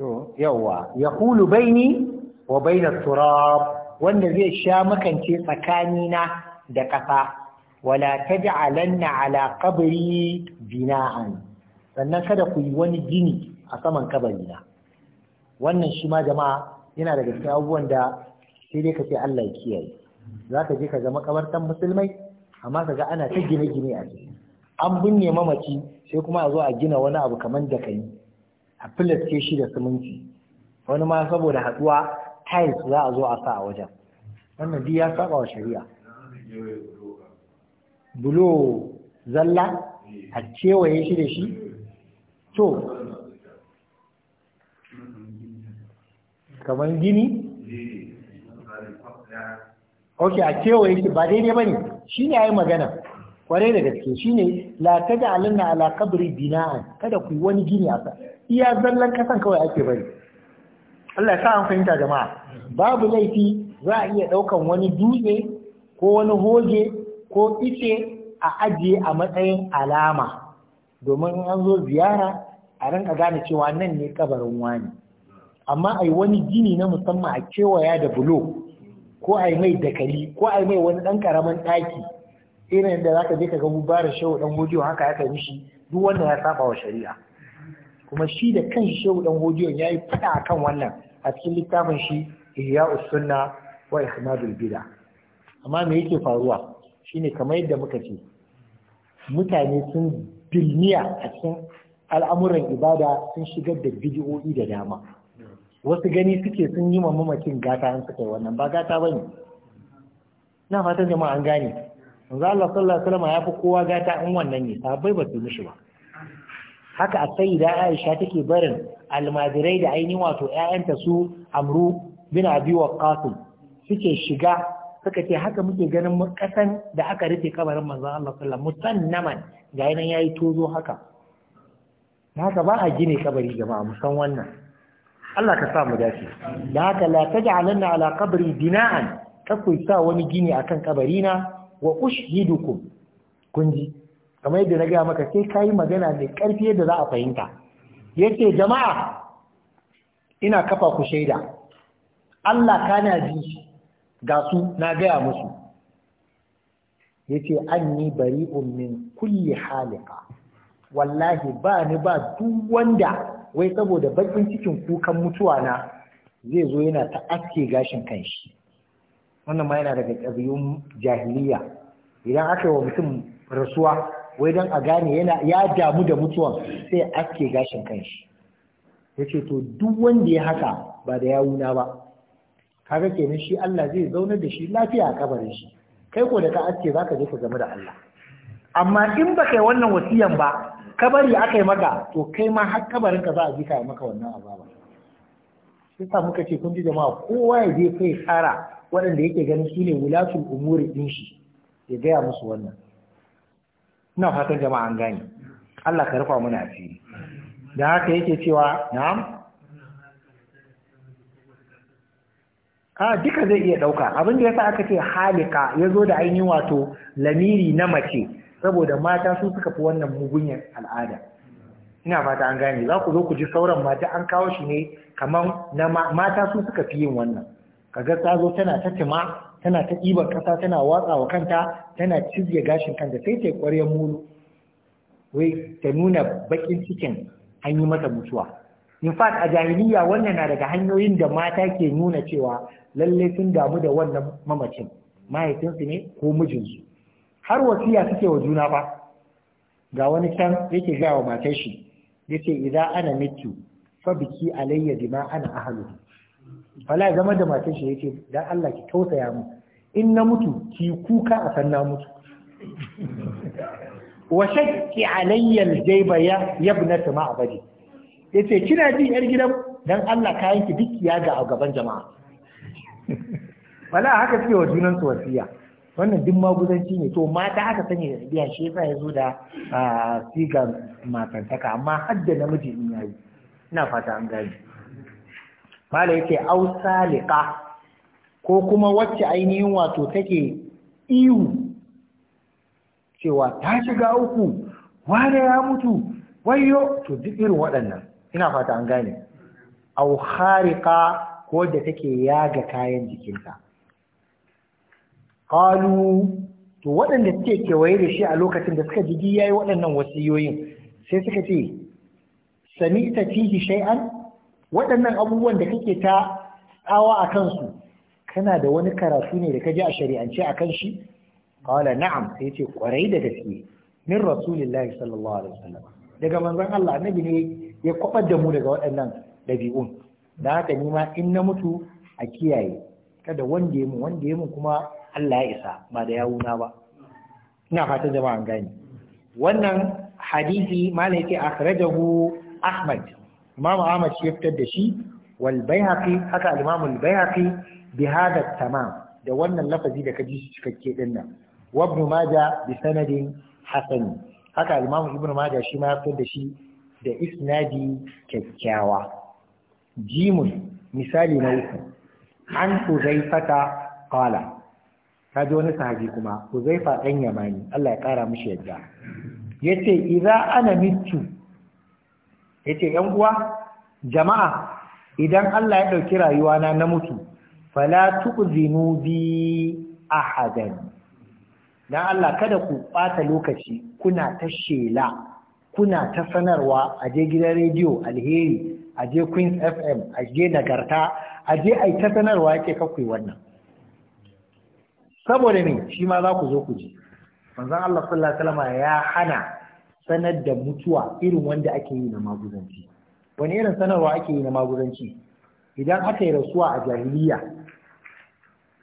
to yawa yaqulu baini wa baina turab wanda zai sha makance tsakanina da ƙasa wala taj'alanna ala qabri bina'an sannan kada ku yi wani gini a saman kabari na wannan shi ma jama'a yana daga cikin abubuwan da sai dai ka ce Allah ya kiyaye za ka je ka zama kabartan musulmai amma ka ga ana ta gine-gine a ciki an binne mamaci sai kuma a zo a gina wani abu kamar da kai a filaske shi da siminti wani ma saboda haɗuwa tiles za a zo a sa a wajen wannan duk ya saba wa shari'a bulo zalla a kewaye shi da shi to kamar gini ok a cewa yake ba daidai ba ne shi ne ya magana kwarai da gaske shi ne la da alinna ala kabri bina'an kada ku yi wani gini a sa iya zallan kasan kawai ake bari Allah ya sa an fahimta jama'a babu laifi za a iya ɗaukan wani dutse ko wani hoge ko ice a ajiye a matsayin alama domin an zo ziyara a rinka gane cewa nan ne kabarin wani amma ai wani gini na musamman a kewaya da bulo ko ai mai dakali ko ai mai wani ɗan karaman ɗaki, irin da zaka je ka ga mubarak shehu dan gojiyo haka aka mishi duk wanda ya saba wa shari'a kuma shi da kanshi shehu dan yi yayi fada akan wannan a cikin littafin shi ya usunna, wa ihmadul bid'a amma me yake faruwa shine kamar yadda muka ce mutane sun bilmiya a cikin al'amuran ibada sun shigar da bidiyo'i da dama wasu gani suke sun yi ma mamacin gata an suka yi wannan ba gata ba ne na fatan jama'a an gane manzo Allah sallallahu alaihi ya fi kowa gata in wannan ne sabai ba su mishi ba haka sai da Aisha take barin almajirai da ainihin wato ƴaƴanta su Amru bin Abi Waqqas suke shiga suka ce haka muke ganin mu kasan da aka rufe kabarin manzon Allah sallallahu alaihi wasallam musannaman ga yayi tozo haka haka ba a gine kabari jama'a musan wannan Allah ka sa mu dace da haka la taj'alanna ala qabri bina'an kai sa wani gini akan na wa ushhidukum kunji kamar yadda na ga maka sai kai magana mai karfi da za a fahimta yace jama'a ina kafa ku shaida Allah kana ji ga su na gaya musu yace anni bari'un min kulli halika wallahi ba ni ba duk wanda wai saboda bakin cikin kukan mutuwa na zai zo yana ta aske gashin kanshi wannan ma yana daga ƙabiyun jahiliya idan aka yi wa mutum rasuwa wai don a gane yana ya damu da mutuwan sai aske gashin kanshi ya ce to duk wanda ya haka ba da yawuna ba kaga kenan shi Allah zai zaunar da shi lafiya a kabarin shi kai ko da ka aske zaka je ka game da Allah amma in baka yi wannan wasiyan ba kabari aka yi maka to kai ma har kabarin ka za a jika maka wannan azaba shi sa muka ce kun ji jama'a kowa ya je kai tsara waɗanda yake ganin su ne wulatul umuri din shi ya gaya musu wannan ina fatan jama'a an gane Allah ka rufa mana asiri da haka yake cewa na'am a duka zai iya ɗauka abin da yasa aka ce halika ya zo da ainihin wato lamiri na mace saboda mata su suka fi wannan mugunyar al'ada ina fata an gane za ku zo ku ji sauran mata an kawo shi ne kamar na mata su suka fi yin wannan kaga ta zo tana ta tima tana ta ɗiban ƙasa tana watsa wa kanta tana cizye gashin kanta sai ta ƙwarya mulu wai ta nuna baƙin cikin an yi mata mutuwa in fact a jahiliya wannan na daga hanyoyin da mata ke nuna cewa lallai sun damu da wannan mamacin mahaifinsu ne ko mijinsu har wasiya suke wa juna ba ga wani can yake ga wa matar shi yace idan ana mitu fa biki alayya bima ana ahlu fala zama da matar shi yace dan Allah ki tausaya mu in na mutu ki kuka a san na mutu wa shakki alayya aljayba ya yabnat ma'badi yace kina ji yar gidan dan Allah kayan ki dukiya ga gaban jama'a wala haka suke wa junan su wasiya wannan duk maguzanci ne to mata aka sani da biya shi yasa ya zo da sigar matantaka amma har da namiji in yayi ina fata an gani mala yake au ko kuma wacce ainihin wato take iyu cewa ta shiga uku wane ya mutu wayo to duk irin waɗannan ina fata an gane au harika ko da take yaga kayan jikinta qalu to waɗanda suke kewaye da shi a lokacin da suka jigi yayi waɗannan wasiyoyin sai suka ce sami'ta fihi shay'an waɗannan abubuwan da kake ta tsawa a kansu kana da wani karatu ne da kaji a shari'ance a kan shi qala na'am sai ce kwarai da gaske min rasulillahi sallallahu alaihi wasallam daga manzon Allah annabi ne ya kwabar da mu daga waɗannan dabi'un da haka ma in na mutu a kiyaye kada wanda ya mu wanda ya mu kuma Allah ya isa ba da yawuna ba ina fatan jama'an an gane wannan hadisi malai ce akhrajahu Ahmad Imam Ahmad shi fitar da shi wal haka al-Imam al-Baihaqi bi hada tamam da wannan lafazi da kaji shi cikakke din nan wa Ibn Majah bi sanadin hasan haka imam Ibn Majah shi ma fitar da shi da isnadi kyakkyawa jimun misali na uku an Huzaifata qala ka ji wani sahabi kuma ku zai faɗan yamani Allah ya ƙara mishi yadda ya ce iza ana mitu ya ce ‘yan uwa jama'a idan Allah ya ɗauki rayuwana na mutu fala tuqzinu bi ahadan don Allah kada ku ɓata lokaci kuna ta shela kuna ta sanarwa a je gidan rediyo alheri a je Queen's FM a je nagarta a je yi ta sanarwa yake kakwai wannan saboda ne shi ma za ku zo ku ji manzon Allah sallallahu alaihi wasallam ya hana sanar da mutuwa irin wanda ake yi na maguzanci wani irin sanarwa ake yi na maguzanci idan aka yi rasuwa a jahiliya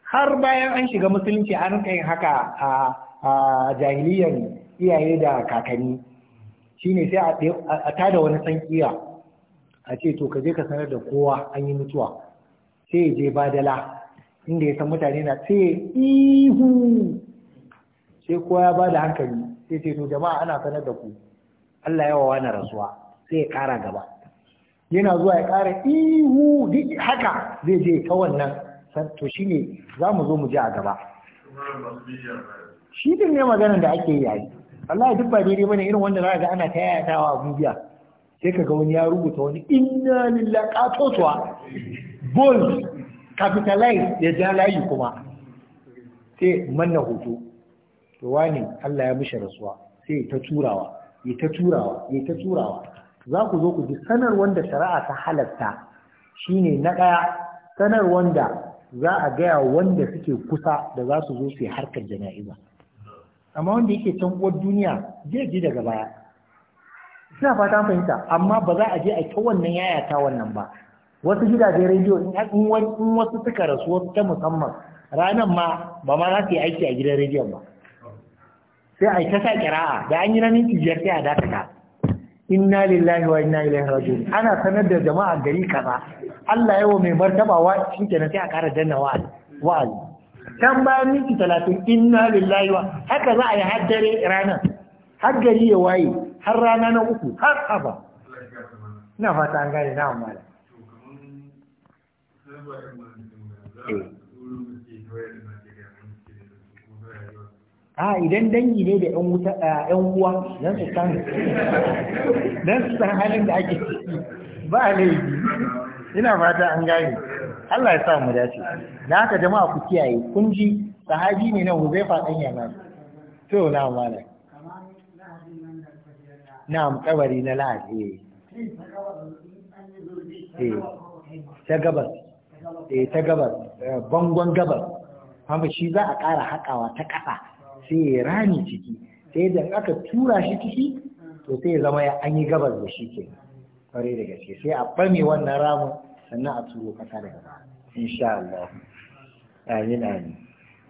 har bayan an shiga musulunci an rika yin haka a jahiliyar iyaye da kakanni shine sai a tada wani sankiya a ce to ka je ka sanar da kowa an yi mutuwa sai ya je badala inda ya san mutane na ce ihu sai kowa ya bada hankali sai ce to jama'a ana sanar da ku Allah yawa wani rasuwa sai ya kara gaba yana zuwa ya kara ihu duk haka zai je ta wannan to shine za mu zo mu ji a gaba shi din ne maganar da ake yi Allah duk ba daidai bane irin wanda za ga ana ta yayatawa a gubiya sai ka ga wani ya rubuta wani inna lillahi qatotwa bold capitalize ya ja layi kuma sai manna hoto to wani Allah ya mishi rasuwa sai ta turawa ya ta turawa ya ta turawa za ku zo ku ji sanar wanda shari'a ta halatta shine na ɗaya sanar wanda za a gaya wanda suke kusa da za su zo su yi harkar jana'iza amma wanda yake can uwar duniya zai ji daga baya suna fata fahimta amma ba za a je a ta wannan yayata wannan ba wasu gidajen rediyo in wasu suka rasu wasu ta musamman ranar ma ba ma za su yi aiki a gidan rediyon ba sai a yi ta sa kira'a da an yi na minti biyar sai a dakata inna lillahi wa inna ilaihi raji'un ana sanar da jama'a gari kaza Allah yawa mai martaba wa shikenan sai a ƙara danna wa'azi Kan bayan minti talatin inna lillahi wa haka za a yi har dare ranar har gari ya waye har rana na uku har haba na fata an gane na amala Eh. a ah, idan dangi ne da yan wuta yan ah, uwa dan su san dan halin da ake ciki ba laifi ina fata an gane Allah ya sa mu dace aka haka jama'a ku kiyaye kun ji sahabi ne nan Huzaifa dan yana to na mala Na kabari na lahadi eh, eh ta gabas ta gabas bangon gabas amma shi za a ƙara haƙawa ta ƙasa sai ya rami ciki sai da aka tura shi ciki to sai ya zama an yi gabas da shi ke kwarai da gaske sai a bame wannan ramin sannan a turo ƙasa daga ba insha Allah amin amin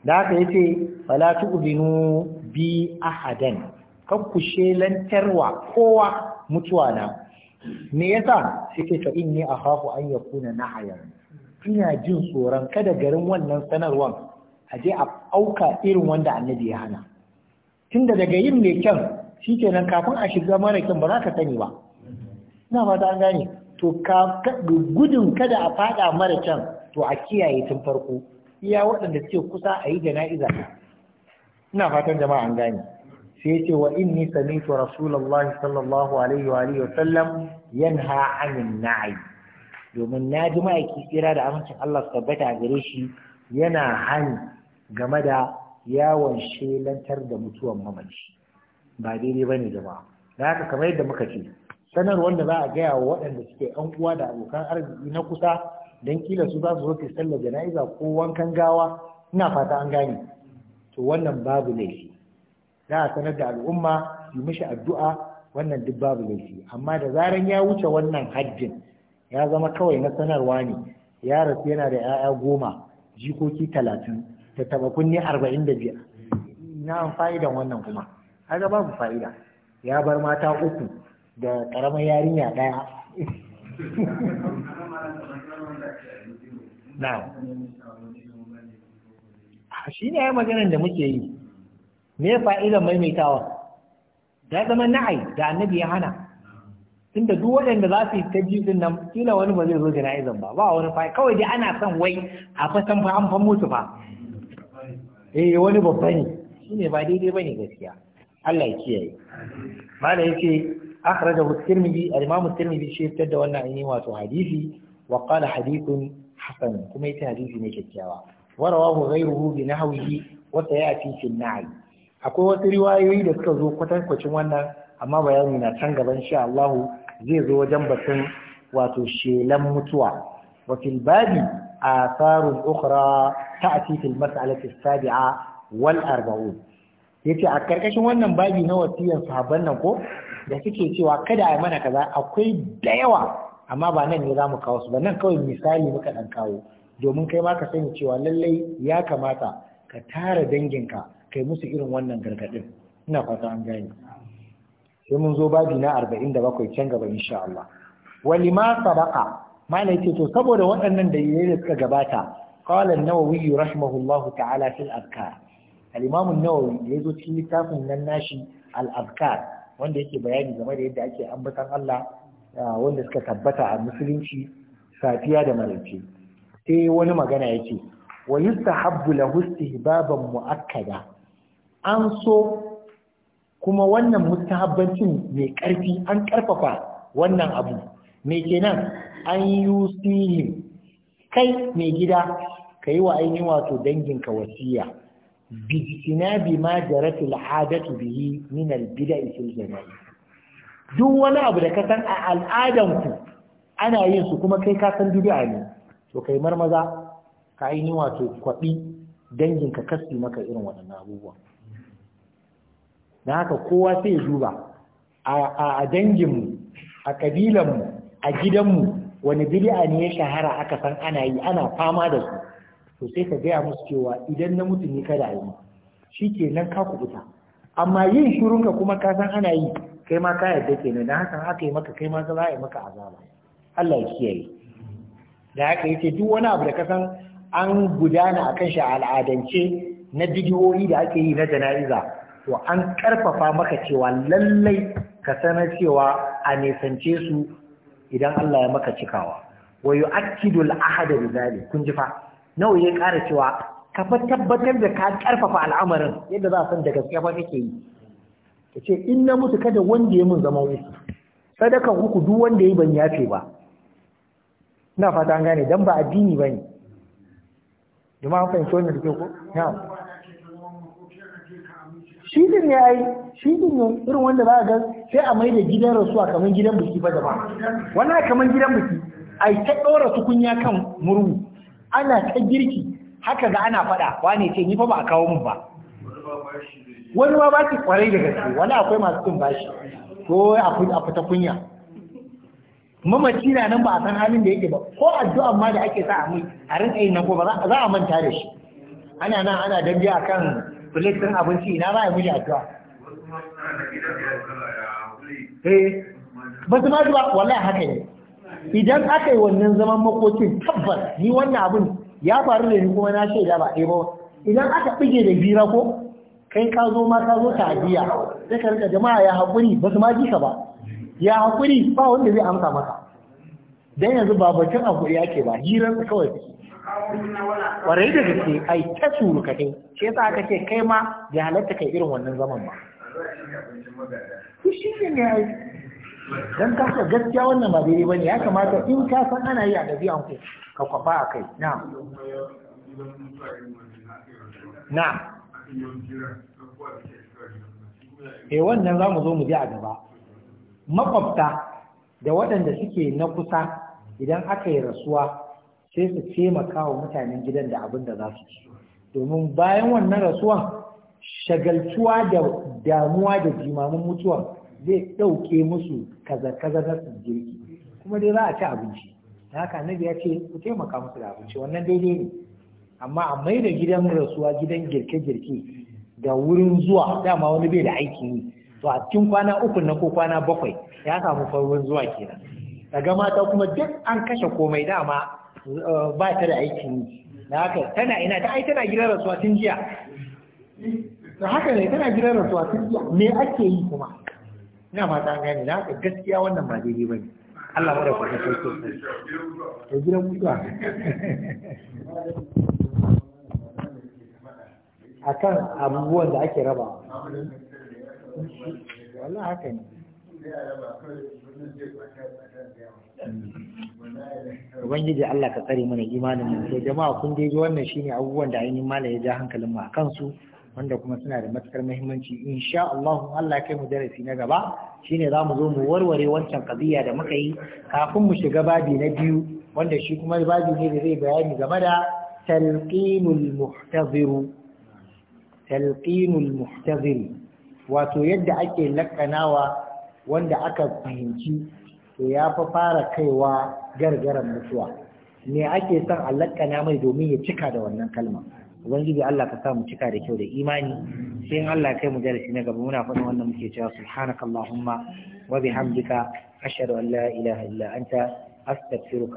da haka yace fala tu'dinu bi ahadan kakkushe lantarwa kowa mutuwa na me yasa sai ce ne inni akhafu an yakuna nahayan ina jin tsoron kada garin wannan sanarwar a je a auka irin wanda annabi ya hana tunda daga yin mai kyan shikenan kafin a shiga mara kyan ba za ka sani ba ina fata an gane to gudun kada a fada mara kyan to a kiyaye tun farko iya waɗanda suke kusa a yi jana'iza ina fatan jama'a an gane sai ya ce wa inni sami'tu rasulullahi sallallahu alaihi wa wa sallam yanha 'anil na'i domin na ji ma'aiki tsira da amincin Allah su tabbata a gare shi yana hani game da yawon shelantar da mutuwan mamaci ba daidai ba ne jama'a da haka kamar yadda muka ce Sanarwar da za a gaya wa waɗanda suke yan uwa da abokan arziki na kusa don kila su za su zo su sallar jana'iza ko wankan gawa ina fata an gane to wannan babu laifi za a sanar da al'umma yi mishi addu'a wannan duk babu laifi amma da zaran ya wuce wannan hajjin ya zama kawai na sanarwa ne ya rasu yana da 'ya'ya goma jikoki talatin da tabakun ne arba'in da biyar na fa'idan wannan kuma haka babu fa'ida ya bar mata uku da karamar yarinya ɗaya na ah, shi ne ya da muke yi me fa'idan maimaitawa ya zama na'ai da annabi ya hana inda duk waɗanda za su yi ta biyu nan kila wani ba zai zo jana'izan ba ba wani fa kawai dai ana son wai a fasan fa an fa mutu fa eh wani babba ne shine ba daidai bane gaskiya Allah ya kiyaye malai yace akhraja at-Tirmidhi al-Imam at-Tirmidhi shi fitar da wannan ayi wato hadisi wa qala hadithun hasan kuma yace hadisi ne kyakkyawa wa rawahu ghayruhu bi nahwihi wa sayati fi an akwai wasu riwayoyi da suka zo kwatankwacin wannan amma bayani na can gaban insha Allahu zai zo wajen batun wato shelan mutuwa wa fil babi atharun ukhra ta'ti fil mas'alati as-sabi'a wal arba'un yace a karkashin wannan babi na wasiyan sahabban nan ko da suke cewa kada a mana kaza akwai da yawa amma ba nan ne za mu kawo su ba nan kawai misali muka dan kawo domin kai ma ka sani cewa lallai ya kamata ka tara danginka kai musu irin wannan gargadin ina fata an gane sai mun zo babi na bakwai can gaba insha Allah walima sabaqa mana yake to saboda waɗannan da dalilai da suka gabata qala an-nawawi rahimahullahu ta'ala fil afkar al-imam an-nawawi cikin littafin nan nashi al-afkar wanda yake bayani game da yadda ake ambatan Allah wanda suka tabbata a musulunci safiya da maraice sai wani magana yake wa yustahabbu lahu istihbaban mu'akkada an so kuma wannan mustahabbancin mai ƙarfi an ƙarfafa wannan abu mai kenan an yi kai mai gida ka yi wa ainihin wato danginka wasiya bi ma jaratul adatu bihi min albida'i fil jama'i duk wani abu da ka san a al'adanku ana yin su kuma kai ka san bid'a ne to kai marmaza ka ainihin wato kwabi danginka kasu maka irin waɗannan abubuwan na haka kowa sai ya duba a danginmu a ƙabilanmu a gidanmu wani bid'a ne ya shahara aka san ana yi ana fama da su to sai ka gaya musu cewa idan na mutu ne kada yi shi ke nan ka kubuta amma yin shirunka kuma ka san ana yi kai ma ka ke kenan dan haka aka yi maka kai ma za a yi maka azaba Allah ya kiyaye da haka yace duk wani abu da ka san an gudana akan shi a al'adance na bidiyoyi da ake yi na jana'iza to an karfafa maka cewa lallai ka sana cewa a nesance su idan Allah ya maka cikawa wa yu'akkidu al da bi kun ji fa nawa ya ƙara cewa ka fa tabbatar da ka ƙarfafa al'amarin yadda za san da gaskiya kake yi kace in na mutu kada wanda ya mun zama wuce sadaka uku duk wanda yi ban yafe ba ina fata an gane dan ba addini bane fa in so ne ko na'am shi din ne ai shi din ne irin wanda za a ga sai a mai da gidan rasuwa kamar gidan biki ba ba wannan kamar gidan biki ai ta su tukunya kan murhu ana ta girki haka ga ana fada wane ce ni fa ba a kawo mu ba wani ma ba ki kwarai da gaske wani akwai masu cin bashi ko a fita kunya mamaci na nan ba a san halin da yake ba ko addu'a ma da ake sa a mai a rinka yi nan ko ba za a manta da shi ana nan ana dambe akan plate abinci ina za a yi tuwa. eh ba su ba ba wallahi haka ne idan aka yi wannan zaman makocin tabbas ni wannan abin ya faru da ni kuma na da ba ɗaya eh ba idan aka bige da bira ko kai ka zo ma ka zo ta biya sai ka rika jama'a ya haƙuri ba su ma ji ka ba ya haƙuri ba wanda zai amsa maka dan yanzu ba batun haƙuri ke ba hirar kawai Warai da gaske ai ta surukatai, shi yasa aka ce kai ma da halatta kai irin wannan zaman ba. Ku shi ne ne ai. Dan ka gaskiya wannan ba daidai bane ya kamata in ka san ana yi a an ku ka kwafa a kai. Na'am. Na'am. Eh wannan za mu zo mu ji a gaba. Makwabta da waɗanda suke na kusa idan aka yi rasuwa sai su taimaka wa mutanen gidan da abin da za su ci domin bayan wannan rasuwan shagaltuwa da damuwa da jimamin mutuwa zai ɗauke musu kaza-kaza na su girki kuma dai za a ci abinci da haka na biya ce ku taimaka musu da abinci wannan daidai ne amma a mai da gidan rasuwa gidan girke-girke da wurin zuwa dama wani bai da aiki ne. to a cikin kwana uku na ko kwana bakwai ya samu farin zuwa kenan daga mata kuma duk an kashe komai dama Eh, ba ta da aikin yi da haka tana ina ta ai tana gidan rasuwa tun jiya da haka ne tana gidan rasuwa tun jiya me ake yi kuma ina an gane da haka gaskiya wannan ba daidai ba ne, Allah mara kwata sai ko to gidan mutuwa kan abubuwan da ake raba wallahi haka ne ubangiji Allah ka tsare mana imanin mu to jama'a kun dai ji wannan shine abubuwan da ainihin mala ya ja hankalin mu akan su wanda kuma suna da matukar muhimmanci insha Allah Allah kai mu darasi na gaba shine zamu zo mu warware wancan kaziya da muka yi kafin mu shiga babi na biyu wanda shi kuma babi ne da zai bayani game da talqinul muhtazir talqinul muhtazir wato yadda ake lakkanawa wanda aka fahimci to ya fi fara kaiwa gargaran mutuwa me ake son allakana mai domin ya cika da wannan kalma ubangiji Allah ka sa mu cika da kyau da imani sai Allah kai mu darasi na gaba muna faɗin wannan muke cewa subhanakallahumma wa bihamdika ashhadu an la ilaha illa anta astaghfiruka